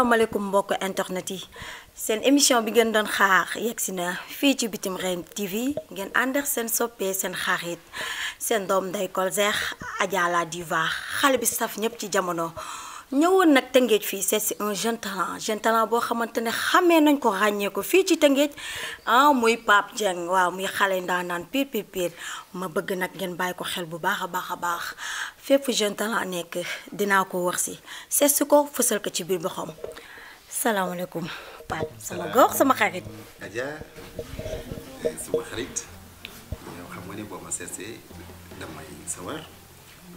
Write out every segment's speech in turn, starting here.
asalaamaaleykum mbokk internet yi seen émission bi ngeen doon xaar yegg si na fii ci bitim réew TV ngeen àndax seen soppee seen xarit seen doom nday Colzère Adja la diva xale bi saf ñëpp ci jamono. ñëwoon nag Tëngéej fii seet si un jeune talent jeune talent boo xamante ne xamee nañ ko ràññee ko fii ci Tëngéej ah muy Pape Dieng waaw muy xale ndaanaan piir piir piir ma bëgg nag ngeen bàyyi ko xel bu baax a baax a baax fépp jeune talent nekk dinaa ko wax si seet si ko fësal ko ci biir boxam salaamaaleykum Pape sama gox sama xarit. Adja sama xarit yow xam nga ne boo ma seet see damay sawar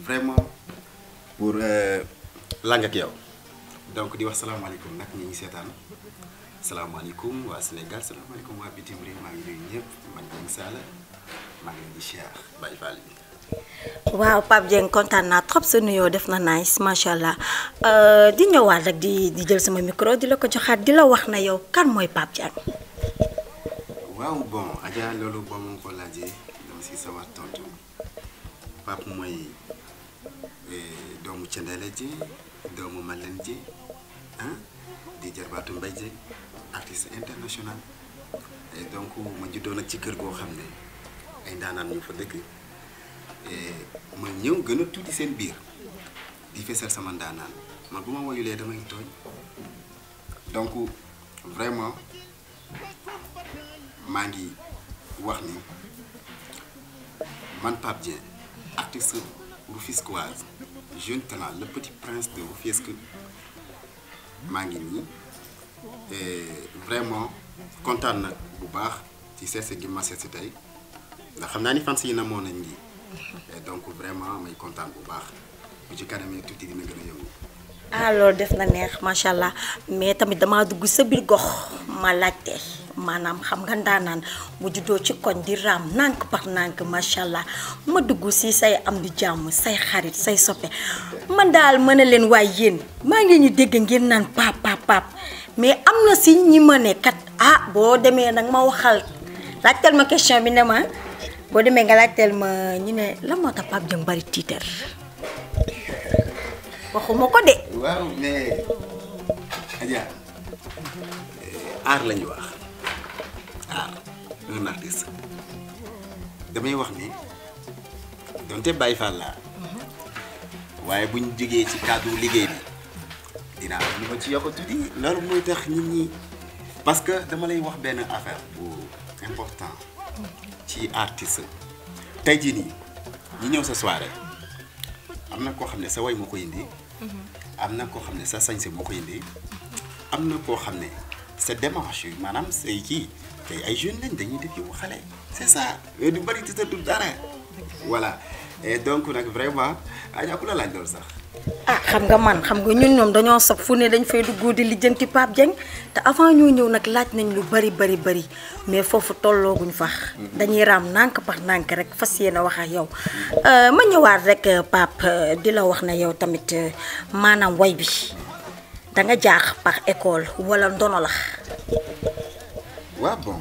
vraiment pour. lang ak yow donc di wax alaykum nak ñi ngi seetaan Wa waa Sénégal alaykum wa bitim rew ma ngi ñepp ñëpp man Dieng sala ma ngi di cheikh Baye Fall bi waaw pap jeng contane na trop ce nuyo def na nice machallah euh di ñëwaat rek di di jël sama micro di la ko joxaat di la wax na yow kan moy pap jeng waaw bon aja lolu bo mo ko laajee dama ci sama tontu pap moy doomu Cendele Dieng doomu Malène Dieng hein di jarbatou mbay Dieng artiste international et donc ma juddoo nag ci keur go xamné ay ndaanaan ñu fa dëkk ma ñëw gën a tuuti seen biir di fessel sama ndaanaan man buma wayulé woyulee damay tooñ donc vraiment maa ngi wax ni man pap Dieng artiste rufiscoise jeune talent le petit prince de Rufisque maa ngi nii et vraiment content nag bu baax ci seese gi ma seese tey ndax xam naa ni fans yi namoon nañ lii et donc vraiment may kontaan bu baax bu ci kanamee tuuti dina gën a yëngu. ah loolu def na neex macha allah mais tamit damaa dugg sa biir gox ma laajte. manam xam nga ndaanaan mu juddo ci koñ di ram nank par nànk macha allah ma duggu ci say am di jamm say xarit say soppe man dal mën len way yeen ma ngi ñu dégg ngeen nan pa pa pa mais amna ci ñi ma kat ah bo démé nak ma waxal tel ma question bi ne ma boo demee nga tel ma ñu ne la mo ta pap jëng bari titer waxuma ko dé waaw mais aja eh, ar lañ wax. ah un damay wax ni donte Baye Fall laa mhm. waaye buñ jógee ci cadre liggéey bi dinaa ci loolu mooy tax nit ñi parce que dama lay wax benn affaire bu important ci artiste tey jii ni ñi ñëw sa soirée am na koo xam ne sa way moo ko indi mhm. am na koo xam ne sa sañse moo ko indi mhm. am na koo xam ne sa démarche yi maanaam say kii ay jeunes lañ dañuy def donc nag vraiment la laaj loolu ah, xam nga man xam nga ñun ñoom dañoo sob fu ne dañ fay dugg di lijjanti Pape Dieng te avant ñoo ñëw nag laaj nañ lu bari bari bari mais foofu tollooguñu fax mhm. dañuy raam nànk par nànk rek fas yéene wax a yow. Euh, ma ñëwaat rek euh, Pape euh, di la wax na yow tamit maanaam woy bi danga nga jaax pax école wala ndono la Ouais, bon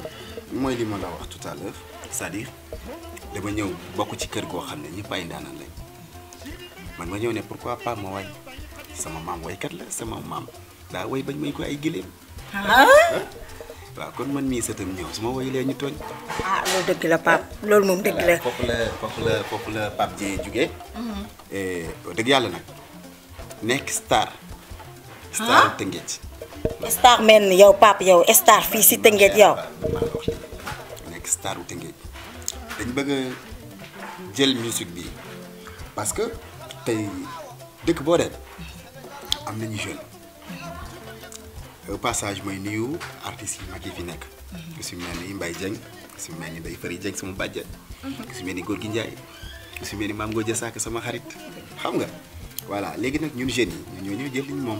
moi, li ma la tout à l'heure c'est-à-dire dama ñëw bokk ci kër goo xam ne ñëpp ay ndaanaan lañ man ma ñëw ne pourquoi pas ma way sama maam waykat la sama maam daa way bañ may ko ay gileem. Ah? waaw kon man mi setam ñëw su way woyalee ñu togn ah lo deug la pap lool mom deug la. fofu la fofu la fofu la pap Pape Dieng euh mhm. eh, deug yalla nak nek star. Ah? star Tëngéej star men yo pap yo star fi ci tengeet yo nek star u tengeet dañ bëgg jël musique bi parce que tay dëkk bo dé am nañu jeune au passage mooy nuyu artiste yi mag fi nek ci si mel ni Mbaye Dieng ku si mel ni sama badja ci melni gor gui Gorgui ci melni mam mel sak sama xarit xam nga voilà légui nak ñun jeune yi ñoo ñoo jël liñ mom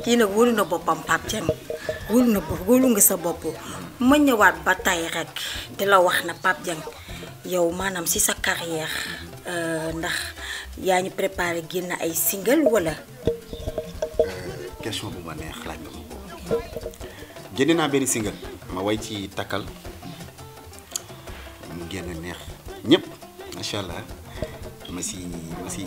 kina nag wóolu na boppam Pape Dieng wóolu na bopp wóolu nga sa rek di la na Pape Dieng sisa maanaam sisa sa carrière gina yaa ay single wala. question bu ma neex laaj nga ko génne single ma way ci takal mu génn neex allah ma masih ma si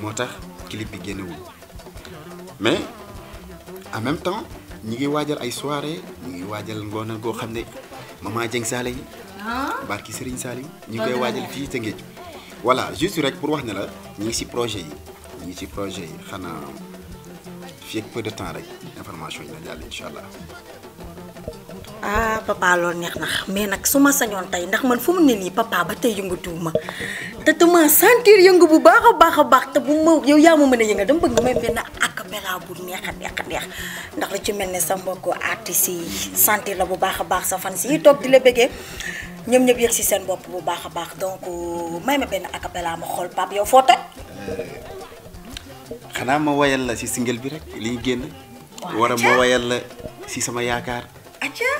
moo tax clip bi génnewul mais en même temps ñi ngi waajal ay soirée ñi ngi waajal ngoon go xamné mama maman Dieng yi. Ah? barki Serigne Salim ñu koy fi te Tëngéej. voilà juste rek pour wax ne la ñi ci projet yi ñi ci projet yi xana fii ak peu de temps rek information yi na jàll ah papa lo neex nak mais nag su ma sañoon papa ba yang yëngatuwuma te dama sentir yëngu bu baax a baax te bu ma yow yaa ma mën a yëngal dama bëgg nga may benn bu neex neex neex ndax ci sa mbokku artistes yi sentir la bu sa si toog di la bëggee ñoom ñëpp si seen bopp bu baax baax donc may ma benn acapella ma xool pap yow foo toj. xanaa ma wayal la si single bi rek li ñu génn. si sama aja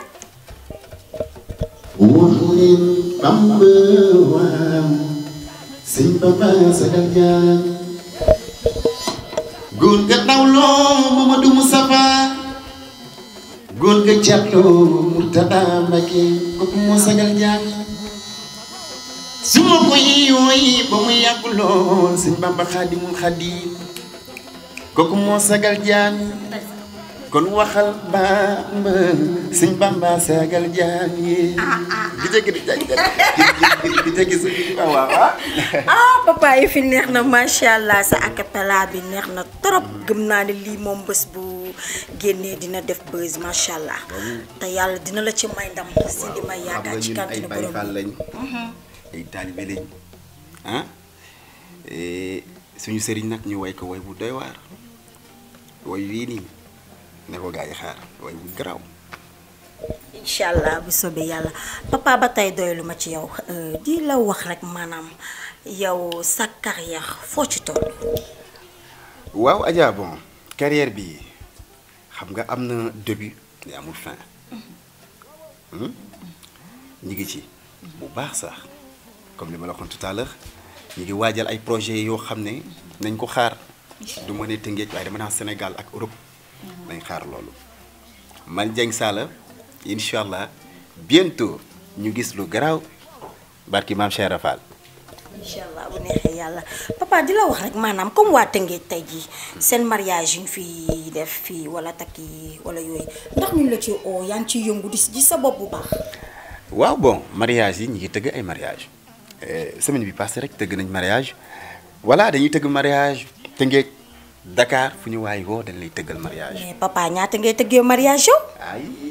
Urunin pembawaan Simpapa sadarnya Gun ke taulo Muhammadu Musafa Gun ke jablo Murtada maki Kukumu sadarnya Semua koi yoi Bamu yakulon Simpapa khadimul khadim Kukumu sadarnya Terima kon waxal ba ma sëñ bamba sagal jaam yi di jëkki di jëkki di jëkki sëñ wa ah papa yi fi neex na ma sha allah sa acapella bi neex na trop gëm na ni li mom bés bu génnee dina def buzz ma sha allah ta yalla dina la ci may ndam ci di may yaaka ci kàntinu borom lañ mhm. ay taalibe lañ ah eh, suñu sëriñ nak ñu way ko way bu doy war way wi ni ne ko gaay xaar way bu garaaw incha bu sobe yalla papa ba tey doylu ma ci yow eh, di la wax rek manam yow sa carrière ya, fo ci tol waaw Adja bon carrière bi xam nga amna début mais amul fin mhm. hmm? ñu ngi ci bu baax sax comme li ma la waxoon tout à l'heure ñu ngi waajal ay projet yo xamne nañ ko xaar du ma ne Tëngéej ay dama na Sénégal ak Europe nañ xaar loolu man Dieng Sala incha allah bientôt ñu gis lu garaw barki maam Cheikh Rafal. incha allah bu neexee yàlla papa di la wax rek maanaam comme waa Tëngéej tey jii seen mariage yi ñu fi def fii wala takk yi wala yooyu ndax ñu la ci oo yaa ngi ciy yëngu di ci sa bopp bu baax. waaw bon mariage yi ñu ngi tëgg ay mariage eh, semaine bi passée rek tëgg nañ mariage voilà dañuy tëgg mariage Tëngéej Dakar fu ñu waay woo dañ lay teggal mariage mais eh, papa ñaata ngay tëggee mariage yow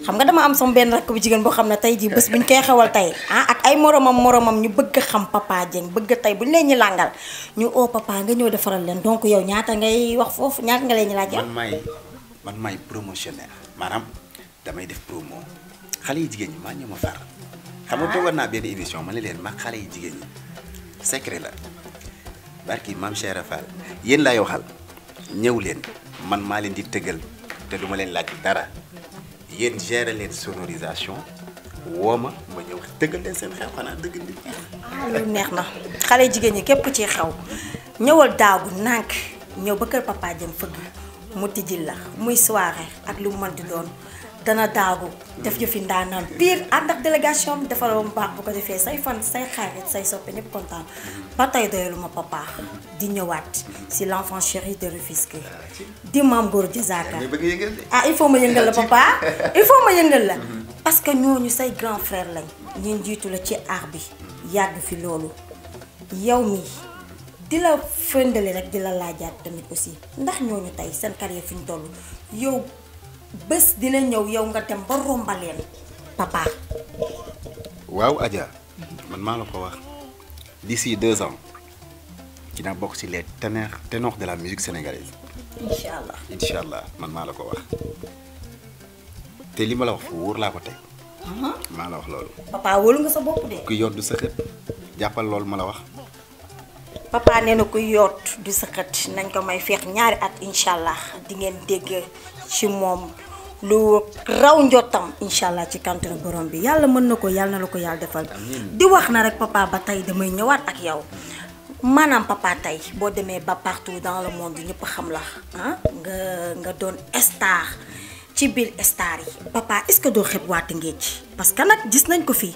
xam nga dama am sama ben rak bu jigen bo xamna tay ji bëss buñ koy xewal tay ah ak ay moromam moromam ñu bëgg xam papa jeng bëgg tay buñ leñu langal ñu o oh, papa nga ñëw defaral leen donc yow ñaata ngay wax fofu ñaata nga leñu laaj ah? man may man may promotionnaire manam damay def promo xale yi jigéen ñi maa far xam nga toogoon naa ben émission man leen ma xale yi jigéen ñi secret la barki mam Cheikh Rafal la yow xal ñëw leen man maa leen di tëggal te du ma leen laaj dara yéen gérer leen sonorisation woo ma ma ñëw tëggal leen seen xew xanaa dëgg nit ah, loolu neex na xale jigéen ñi képp ci xew ñëwal daagu nànk ñëw ba kër papa jëm fëgg mu tijjil la muy soirée ak lu mu mën di doon dana daagu def jëfi ndaanaan pire ànd ak délégation bi defal bu ko defee say fan say xarit say soppe ñëpp kontaan ba tey doyalu ma di ñëwaat si l' enfant chéri de Rufisque di maam góor Diazaka ah il faut ma yëngal la papa il faut ma yëngal la mhm. parce que ñooñu say grand frère lañ ñun jiitu la ci aar bi yàgg fi loolu yow mi di la fëndale rek di la laajaat tamit aussi ndax ñooñu tey seen carrière fi ñu toll yow bes dina ñew yow nga dem ba rombalen papa wow aja man ma la ko wax ah. d'ici 2 ans na bok ci les ténors ténors de la musique sénégalaise inshallah inshallah man ah. ma la ko wax té li ma la wax wour la ko ma la wax lolu papa wolu nga sa bop dé ku yott du sa xet jappal lolu ma la wax papa néna kuyot ku yott du sa xet nañ ko may fex ñaari at inshallah di ngeen dégg ci moom lu raw njottam incha allah ci kàntanu borom bi yàlla mën na ko yàlla na la ko yàlla defal di wax na rek papa ba tey damay ñëwaat ak yow maanaam papa tey boo demee ba partout dans le monde ñëpp xam la ah, nga nga doon star ci biir star yi papa est-ce que doo xeeb waate ngeej parce que nag gis nañ ko fii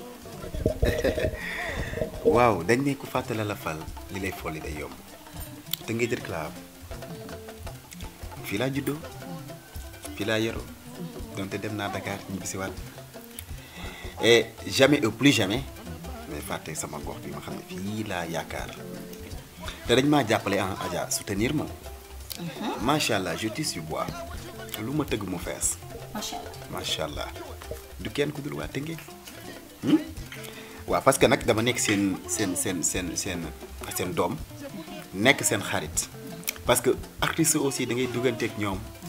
waaw dañ ne ko fàttala la fal li lay folli day yomb te ngeej rek laa fii laa juddoo jamais je Dakar, je Dakar et jamais ou plus jamais je suis sama Je ma je ne là. Je te dañ suis suis en soutenir ma. suis mhm. je tisse bois parce que je suis nekk sen sen sen sen, seen Je suis mhm. parce que artiste aussi da ngay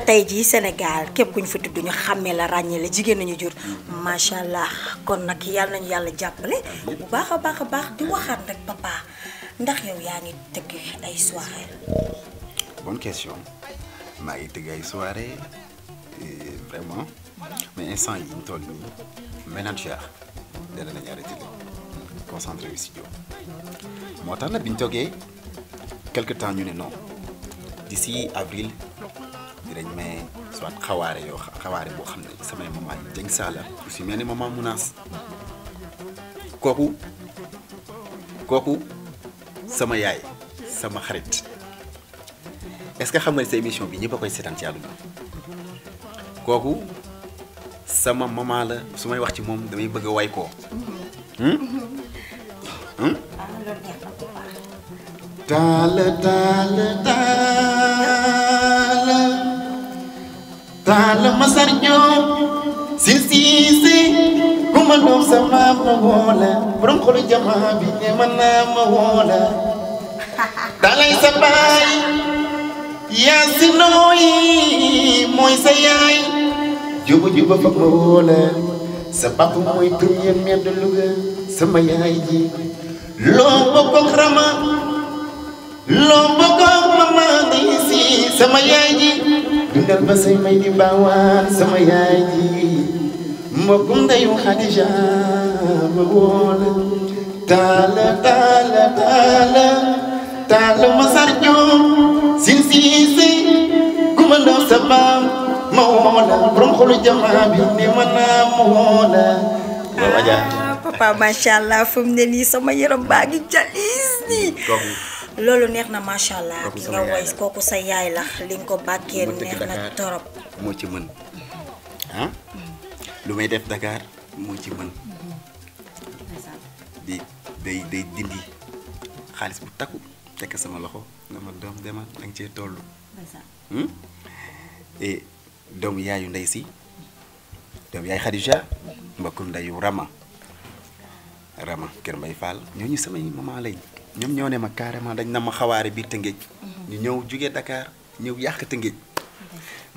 te tey jii Sénégal képp ku ñu fa tudd ñu xamé la ràññee la jigéen nañu jur macha allah kon nak yàlla nañu Yalla jappalé bu baaxa baaxa baax di waxat rek papa ndax yow yaa ngi tëgg ay soirée bonne question maa ngi tëgg ay soirée euh, vraiment mais instant yi ñu toll nii manager dana nañu arrêté concentré wu studio moo tax nag bi ñu quelque temps ñu né non d'ici avril dinañ may soit xawaare yoo xawaare xam ne samay maman yi jëng saala aussi mel ni maman munaas kooku kooku sama yaay sama xarit est-ce que xam nga sa émission bi ñëpp a koy seetaan ci àdduna kooku sama maman la su may wax ci moom damay bëgg a way koo hmm? Hmm? Ah, taal taal taal taala masar joob si siise ku ma ma woola borom xolu jamaa bi ne ma naa ma woola dalay sa baay yaa si mooy sa yaay juba juba fa ma woola sa bapp mooy premier maire de Louga sama yaay ji loo bokkook rama loo bokkook mama di si sama yaay ji dundal ba say may di baawaan sama yaay ji mbokkum ndeyu Xadija ma woon taala taala taala taala ma sarjoom sin siisi kuma ndaw sa ma woola borom xolu jamaa bi ne ma naa ma ah, papa macha allah fu mu ne nii sama yaram loolu neex na macha allah ki nga kooku sa yaay la li nga ko bàkkee neex na torop moo ci mën ah? lu may def Dakar moo ci mën di day day dindi xaalis bu takku tekk sama loxo nga ma doom demal da nga cee toll hmm? et eh, yaayu ndey si doomu yaay Khadija mbokkum ndeyu Rama Rama Kër Mbay Fall ñooñu samay maman lañ ñom ñoo ne ma carrément dañ na ma xawaare biir Tëngéej ñu ñew jugee Dakar ñew yak Tëngéej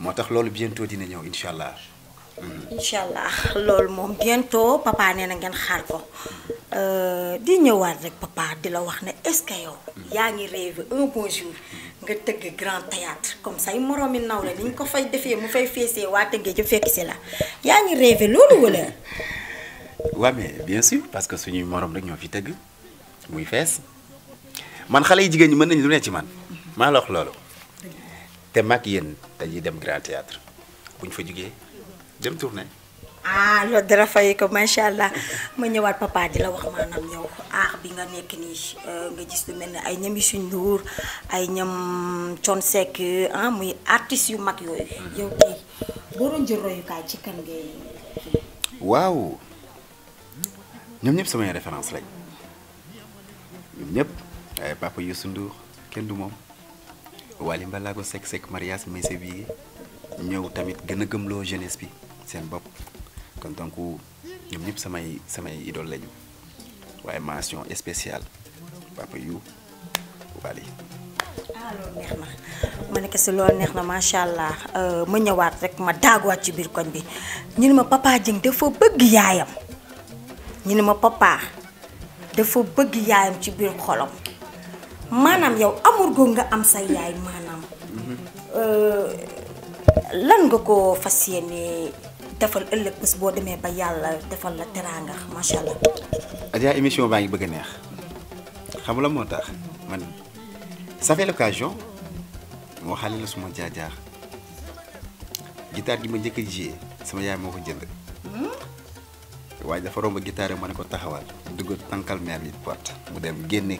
moo tax loolu bientôt dina ñew inshallah inshallah mm-hmm. incha allah loolu moom bientôt papa néna na ngeen xaar ko euh di ñëwaat rek papa di la wax né est-ce que yow. Mm-hmm. yaa ngi rêve un bon jour mm-hmm. nga tëgg grand théâtre comme say moroomi naw la niñ ko fay defee mu fay fessé wa Tëngéej ja fekk si la yaa ngi rêve loolu wala. waaw mais bien sûr parce que suñu morom rek ñoo fi tëgg muy fess man xale yi jigéen ñi mën nañ lu ne ci man maa la wax loolu te mag yéen dañuy dem grand théâtre bu fa jugee dem tournée. ah loolu dara fay ko macha allah ma ñëwaat papa di la wax maanaam yow aax bi nga nekk nii euh, nga gis lu mel ne ay ñam yu suñ nduur ay ñam con sekk ah muy artistes yu mag yooyu. yow tey boo doon royukaay ci kan ngay. waaw ñoom ñëpp samay référence lañ ñoom Eh, papa Youssou Ndour kenn du moom Wally Ballago sek Seck mariage Meysa bii ñëw tamit gën a gëmloo jeunesse bi seen bopp kon donc ñoom ñëpp samay samay idole lañu waaye mention spéciale papa yu Wally ah loolu na ma ne kese loolu na macha allah euh, ma ñëwaat rek ma daaguwaat ci biir koñ bi ñu ma papa Jing defo bëgg yaayam ñu ma papa defo bëgg yaayam ci biir xolam. manam yow amur gongga nga am sa yaay euh lan nga ko fasiyene defal ëllëg bés bo demee ba yalla defal la ma sha allah. Adja émission ba ngi bëgg neex xam la man ça fait l'occasion mo gitar la suma jaajaax gitaar gi ma jëk jé sama yaay moko jënd hmm? waaye dafa romb gitaar ko taxawal tankal porte mu dem génné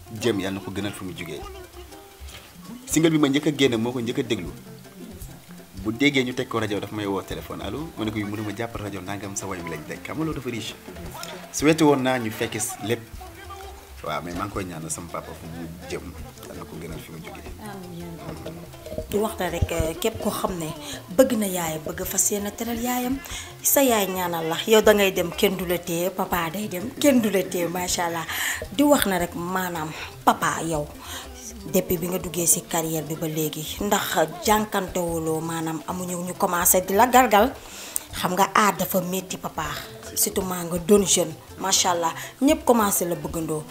jëm yàlla na ko gënal fi mu jógee single bi ma njëkk a génne moo ko njëkk a déglu bu déggee ñu teg ko rajo dafa may woo téléphone allo ma ne ko yu mënuma jàppal rajo nangam sa way bi lañ teg xam nga loolu dafa riche. su wetu woon naa ñu fekkis lépp. Wah mais maa ngi koy ñaanal papa fu mu jëm dana ko gënal fi mu jógee. di wax na rek képp ko xam ne bëgg na yaayam bëgg fas yéene teral yaayam sa yaay ñaanal la yow da ngay dem papa day dem kenn du la téye allah di wax na rek papa yow. depuis bi nga si ci carrière bi ba léegi ndax lo manam, amu ñu commencé di la gargal xam nga aar dafa papa surtout maa nga jeune. Masya allah commencé la bëggandoo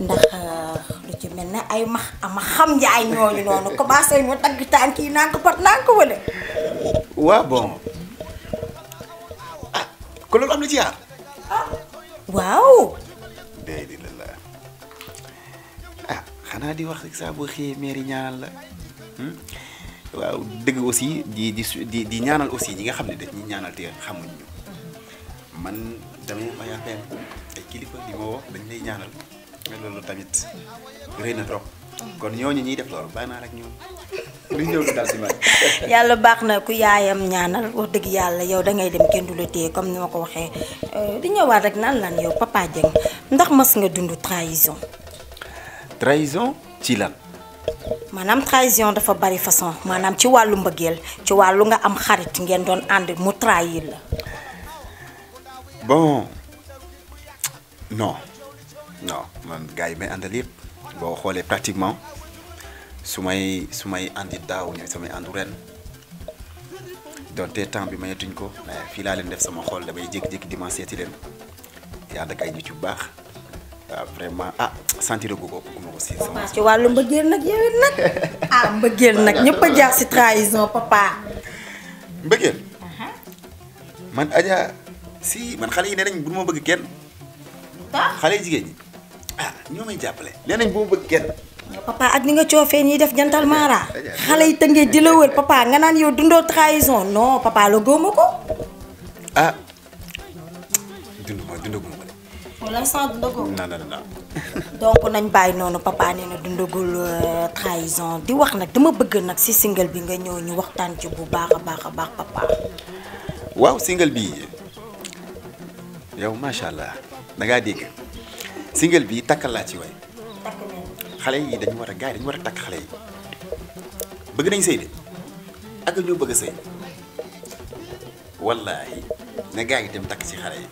ndax eh, lu ci melni ay ma ah, am xam ya, ay ñooñu nonu commencé mo tag tànk yi naan pat nank wolé wa bon ko ya? ah, Wow, am lu ci yaar. wow waaw. déedéet la ah xana di wax rek sa bu xëyee mairie ñaanal la. Hmm? waaw deug aussi di di di ñaanal aussi ñi nga xamni dañ ñaanal te xamuñ ñu man. Mhm tamit ma yaakaar ay kilifa li ma dañ lay ñaanal tamit rëy trop. kon ñooñu ñuy def loolu bàyyi rek ñoom lu ñëw dal si man. yàlla baax ku yaayam ñaanal wax dëgg yàlla yow da ngay dem kenn du la comme ko euh, di rek lan yow Papa Dieng ndax mas nga dund trahison. trahison ci lan. trahison dafa bari façon manam ci walu mbeugel ci walu nga am xarit ngeen don and mu trahir la bon non non man gars yi may àndal yëpp boo xoolee pratiquement su may su may andi daaw ñooy samay àndu ren donte temps bi mayatuñ ko mais fii laa leen def sama xol damay jékki-jékki dimanche seeti leen Ya ak ay nit yu baax waaw ah, vraiment ah sentir gu ko bëgguma ko si sama. ci walu mbëggeel nak yow nak ah mbëggeel nak ñëpp jaar ci trahison papa. mbëggeel uh-huh. man aja si man xalé yi nenañ nañ bu ma bëgg kenn. xale yi jigéen yi ah ñoo may jàppale. nee bu ma bëgg kenn. Ya, papa ak ni nga ciofé ñi def jantal Mara. xalé yi tangé di la wër papa nga naan yow dundo trahison non papa lo gomo ko. ah dundo ma dundo gomo de. pour l'instant dundagoo. non non non. donc nañ bay nonu papa néna dundo gul eh, trahison di wax nak dama bëgg nak si single bi nga ñëw ñu waxtaan ci bu baaxa baaxa papa. Wow single bi yow masya allah da nga dégg single bi takkal laa ci way xalé yi dañu wara gaay gars yi dañu war a takk yi bëgg nañ sey de ak ñu bëgg sey wallahi na gaay dem tak ci xalé yi.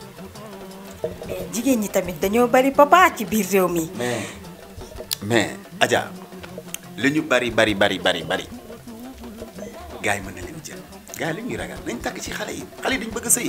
jigéen ñi tamit dañoo bari papa ci biir réew mi. mais mais Adja li ñu bari bari bari bari bari Gay mëna mën na leen jël gars yi li ñuy ragal nañ tak ci xalé yi xalé dañu bëgg sey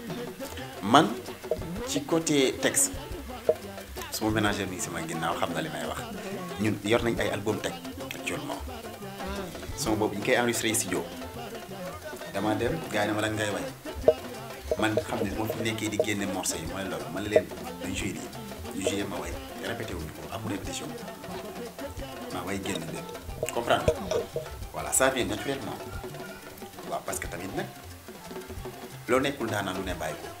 man ci côté texte su ma ménagère sama ginnaaw xam na li may wax ñun yor nañ ay album teg actuellement son boobu ñu koy enregistré studio dama dem gars yi ma lan ngay way man xam ne moo fi nekkee di génne morceau yi mooy loolu man la leen dañ joué di ñu joué ma way répété wuñu ko amul répétition maa way génn lépp comprendre voilà ça vient naturellement waaw parce que tamit nag loo nekkul daanaa lu ne bàyyi ko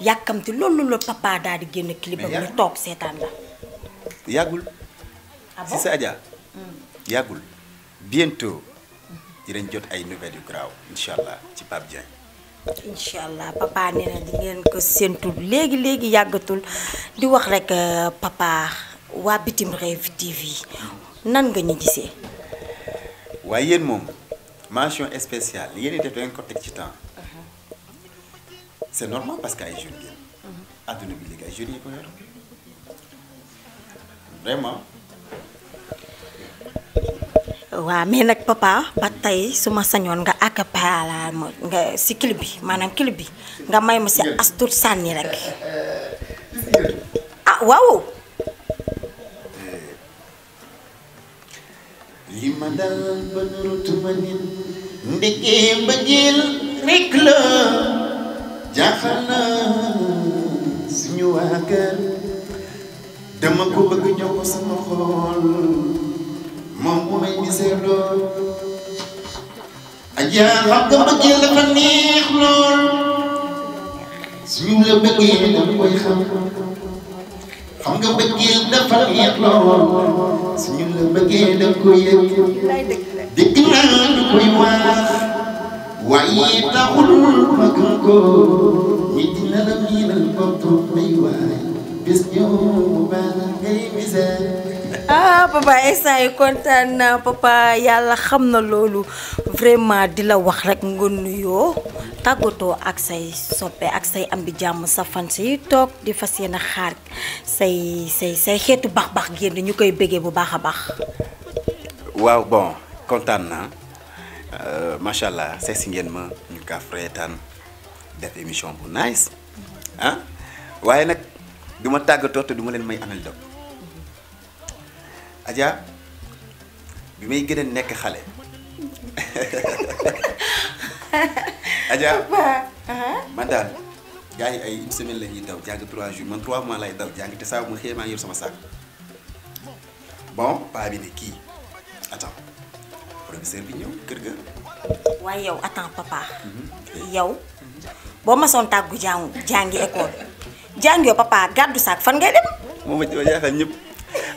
yakamti loolu lo papa daal di génn clip am ya- ñu tok seetaan la yagul ah si sa Adja hmm. yàggul bientôt dinañ jot ay nouvelle yu graw inshallah ci pap Dieng inshallah papa nee di ngeen ko séentu léegi léegi yagatul di wax rek euh, papa wa bitim rev TV nan nga ñu gisé waaye yéen moom mention spéciale yéen itam dañ ko tek ci temps c'est normal parce que ay jeunes génn adduna bi léegi ay jeunes yi ko yor vraiment. wa mais nak papa ba tey su ma nga àgg paala nga ci club bi manam club bi nga may ma ci astour sànni rek eh, eh, ah waaw. Eh, li ma dal ba nurutuma nit. ndeke mbëggeel rek la. jaaxal na suñu waa kër dama ko bëgg jox ko sama xol moom mu may misère lool. ajaa xam nga bëggee dafa neex lool suñu la bëggee da koy xam xam nga bëggee dafa neex lool suñu la bëggee da koy yëg dégg naa lu koy wax. ah papa instant yi kontaan papa yàlla ya xam na vraiment di wax rek nga nuyoo ak say soppe ak say am bi sa fan say toog di fas xaar say say say bax bax bu waaw bon kontaan naa Euh, c'est allah une ma ñu ka def émission bu nice je vais nak duma te Adja bi may gëna nek xalé Adja man daal ay une semaine jours man mois lay ma bon pas bi attends professeur bi ñëw kër ga waaye yow attends papa yow boo masoon tàggu jàng jàngi école jàng yow papa gàddu saak fan ngay dem moom ma jaaxal ñëpp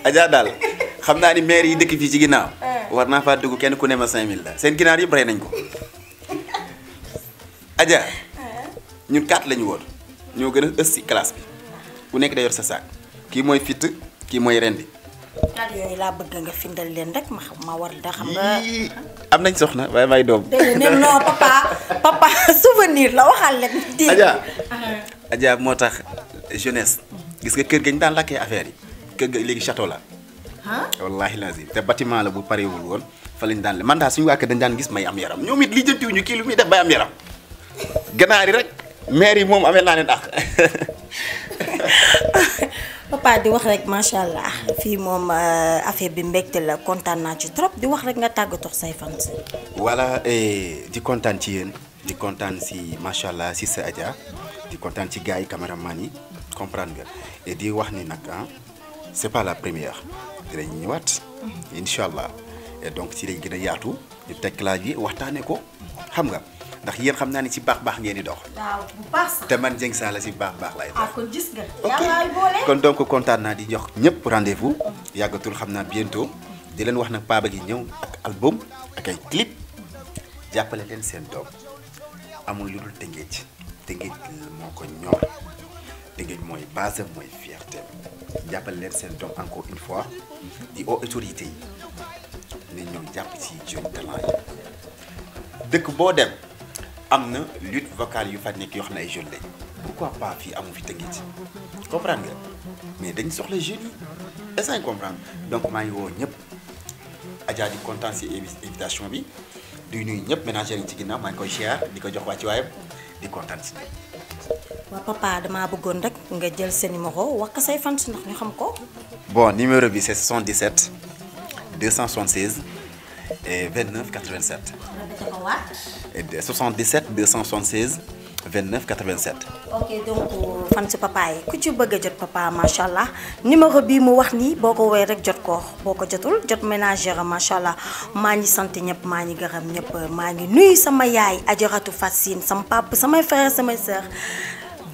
ajaa daal xam ni maire yi dëkk fii ci ginnaaw eh. war naa kenn ku 5000 la seen ginaar nañ ko aja eh. ñun kat lañu woon ñoo gëna a ës classe bi ku nekk da yor sa saak ki moy fit ki moy rendi yooyu laa bëgg nga findal leen rek ma xam ma war da xam nga. am nañ soxna waaye may doom. papa papa souvenir la waxal leen. dégg nga uh-huh. moo tax jeunesse. gis nga kër gañ daan lakkee affaire yi kër ga léegi château la. wallahi lazim te batiment la bu parewul woon fa lañ daan le man daal suñu waa kër dañ daan gis may am yaram ñoom it lijjantiwuñu kii lu muy def bay am yaram ganaar yi rek maire yi moom amee naa leen ak papa di wax rek machallah fi mom euh, affaire bi la trop di wax rek nga say voilà di du ci di si machallah Adja di contane ci cameraman comprendre et di wax ni hein, c'est pas la première mhm. et donc ci te ndax yéen xam naa ne ci baax baax ngeen di dox. waaw bu baax sax te man jeng Dieng la si baax baax lay ah, dox. ah kon gis nga. ok kon donc kontaan naa di jox ñëpp rendez-vous. yàggatul xam naa bientôt. di leen wax nag Paa gi ñëw ak album ak ay clip jàppale leen seen doom amul lu dul Tëngéej Tëngéej moo ko ñor Tëngéej mooy base mooy fierté jàppale leen seen doom encore une fois di au autorité yi ne ñoom jàpp ci jeune talent yi dëkk boo dem amna lutte vocale yu fa nekk yoo xam ne lañ pourquoi pas fi amu fi tënkee comprendre nga mais dañ soxla jeunes yi est-ce que comprendre donc ma ngi woo ñëpp Adja di kontaan si invitation bi du nuyu ñep ménager ci ginnaaw ma ngi koy ziar di ko jox wayam di kontaan si. waaw papa dama bëggoon rek nga jël sa numéro wax say fan si ndax ñu xam ko. bon numéro bi c'est 77 276 et 29 87. 77 276 29 87. ok donc euh, fam ci papa yi ku ci bëgg jot papa machallah numéro bi mu wax ni boko ko rek jot ko boko jotul jot ménagère machallah ma maa ngi sant ñëpp maa ngi gërëm ñep ma ngi nuyu sama yaay ajaratu Fassine sama papa sama frère sama sœur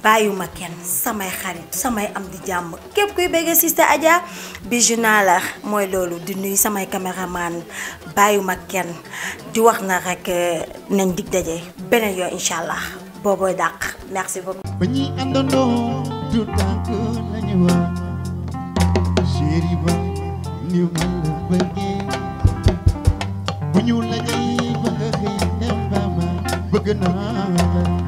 bàyyiwuma kenn samay xarit samay am di jàmm képp kuy béggee Sister Adja biju naa mooy loolu di nuyu samay caméraman bàyyiwuma kenn di wax na rek euh, nañ dig daje beneen yoon incha allah boobooy dàq merci beaucoup. ñu la ñuy bëgg xëy dem ba ma bëgg naa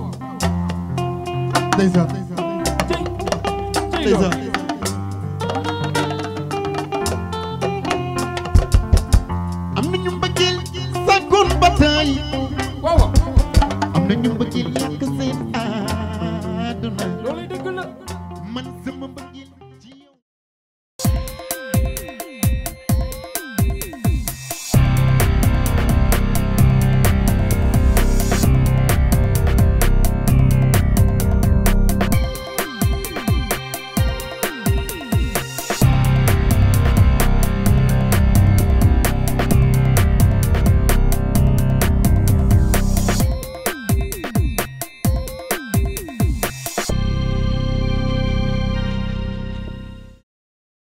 ndeysaan ndeysaan